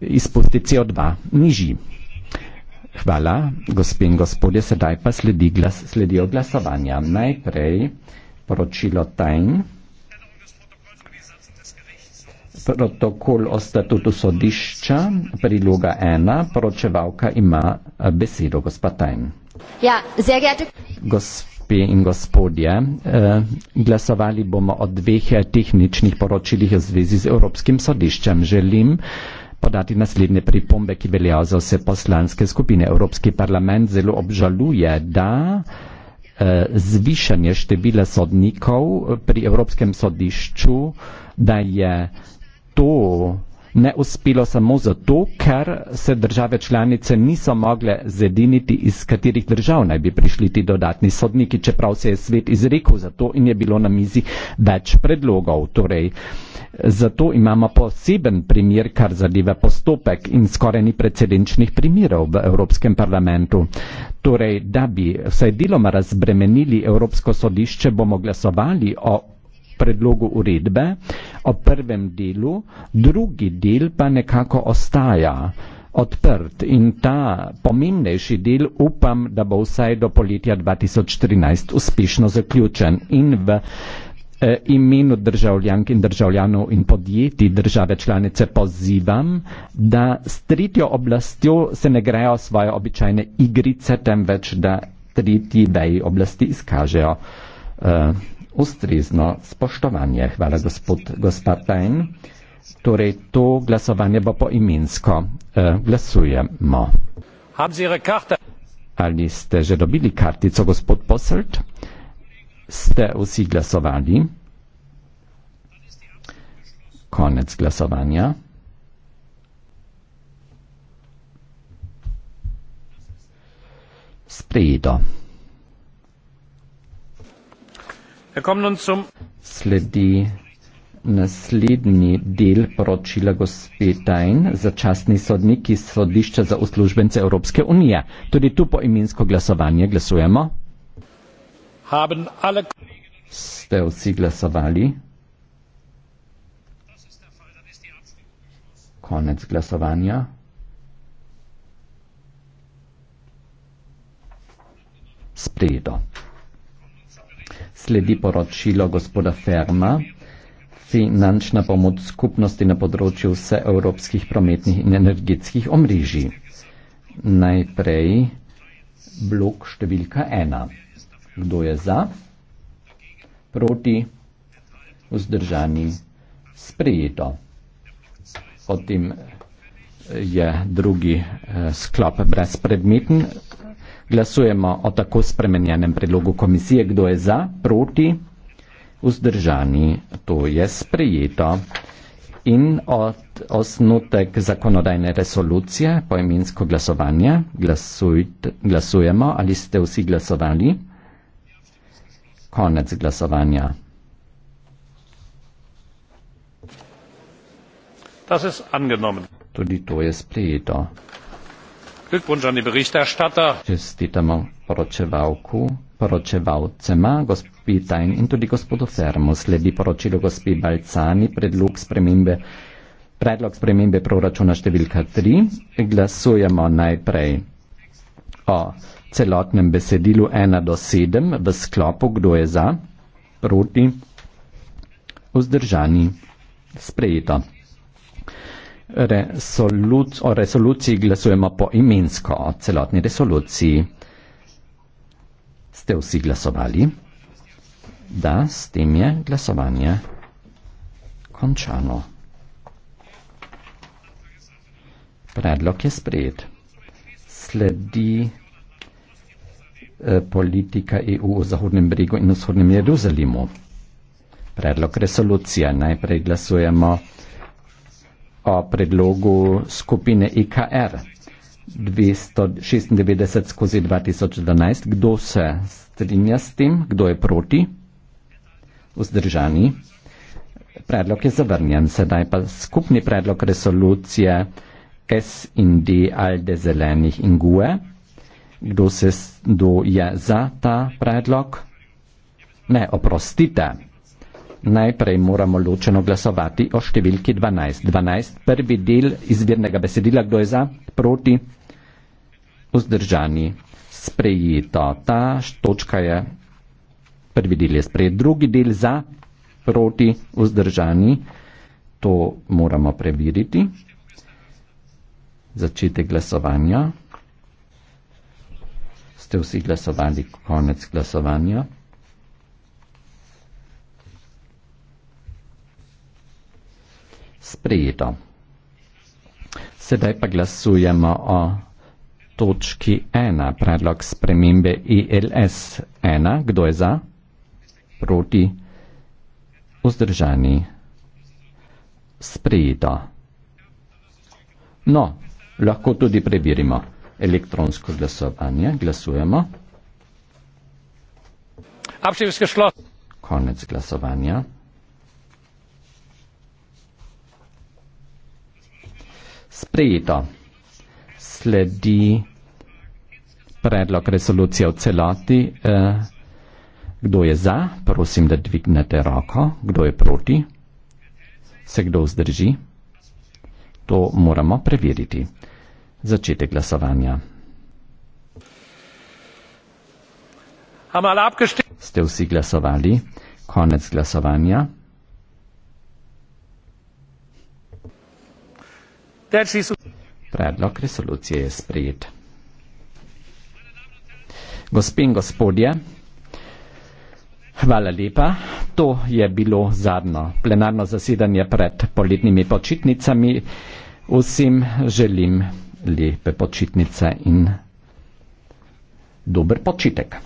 izpusti CO2 nižji. Hvala, gospe in gospodje, sedaj pa sledi glas, sledijo glasovanja. Najprej poročilo tajn, protokol o statutu sodišča, priloga ena, poročevalka ima eh, besedo, gospa tajn. Ja, Gospe in gospodje, eh, glasovali bomo o dveh eh, tehničnih poročilih v zvezi z Evropskim sodiščem. Želim podati naslednje pripombe, ki veljajo za vse poslanske skupine. Evropski parlament zelo obžaluje, da eh, zvišanje števila sodnikov pri Evropskem sodišču, da je to ne uspelo samo zato, ker se države članice niso mogle zediniti, iz katerih držav naj bi prišli ti dodatni sodniki, čeprav se je svet izrekel za to in je bilo na mizi več predlogov. Torej, zato imamo poseben primer, kar zadeva postopek in skoraj ni precedenčnih primerov v Evropskem parlamentu. Torej, da bi vsaj deloma razbremenili Evropsko sodišče, bomo glasovali o predlogu uredbe o prvem delu, drugi del pa nekako ostaja odprt in ta pomembnejši del upam, da bo vsaj do poletja 2014 uspešno zaključen in v eh, imenu državljank in državljanov in podjetij države članice pozivam, da s tretjo oblastjo se ne grejo svoje običajne igrice, temveč da tretji veji oblasti izkažejo uh, ustrezno spoštovanje. Hvala, gospod Gospartajn. Torej, to glasovanje bo poimensko. Uh, glasujemo. Ali ste že dobili kartico, gospod Posselt? Ste vsi glasovali? Konec glasovanja. Sprejeto. Sledi naslednji del poročila gospe Tajn, začasni sodnik iz sodišča za uslužbence Evropske unije. Tudi tu po imensko glasovanje glasujemo. Ste vsi glasovali? Konec glasovanja. Sprejeto sledi poročilo gospoda Ferma, finančna pomoč skupnosti na področju vseevropskih prometnih in energetskih omrežij. Najprej blok številka ena. Kdo je za? Proti? Vzdržani? Sprejeto. Potem je drugi eh, sklop brezpredmeten. Glasujemo o tako spremenjenem predlogu komisije. Kdo je za, proti, vzdržani? To je sprejeto. In od osnutek zakonodajne resolucije, poimensko glasovanje, glasujte, glasujemo, ali ste vsi glasovali. Konec glasovanja. Tudi to je sprejeto. Glückwunsch an den Berichterstatter. Poročevalcema, gospi Tajn in tudi gospodu Fermu. Sledi poročilo gospi Balcani, predlog spremembe, predlog spremembe proračuna številka 3. Glasujemo najprej o celotnem besedilu 1 do 7 v sklopu, kdo je za, proti, vzdržani, sprejeto resolu o resoluciji glasujemo po imensko. O celotni resoluciji ste vsi glasovali. Da, s tem je glasovanje končano. Predlog je sprejet. Sledi eh, politika EU v Zahodnem bregu in v Vzhodnem Jeruzalemu. Predlog resolucije. Najprej glasujemo o predlogu skupine IKR 296 skozi 2012. Kdo se strinja s tem? Kdo je proti? Vzdržani. Predlog je zavrnjen. Sedaj pa skupni predlog resolucije S in D Alde zelenih in GUE. Kdo, se, kdo je za ta predlog? Ne, oprostite najprej moramo ločeno glasovati o številki 12. 12, prvi del izvirnega besedila, kdo je za, proti, vzdržani, sprejeto. Ta točka je, prvi del je sprejet, drugi del za, proti, vzdržani, to moramo preveriti. Začetek glasovanja. Ste vsi glasovali, konec glasovanja. sprejeto. Sedaj pa glasujemo o točki 1, predlog spremembe ILS e 1. Kdo je za? Proti? Vzdržani? Sprejeto. No, lahko tudi preverimo elektronsko glasovanje. Glasujemo. Konec glasovanja. sprejeto. Sledi predlog resolucije v celoti. Eh, kdo je za? Prosim, da dvignete roko. Kdo je proti? Se kdo vzdrži? To moramo preveriti. Začetek glasovanja. Ste vsi glasovali? Konec glasovanja. Predlog resolucije je sprejet. Gospe in gospodje, hvala lepa. To je bilo zadnjo plenarno zasedanje pred poletnimi počitnicami. Vsem želim lepe počitnice in dober počitek.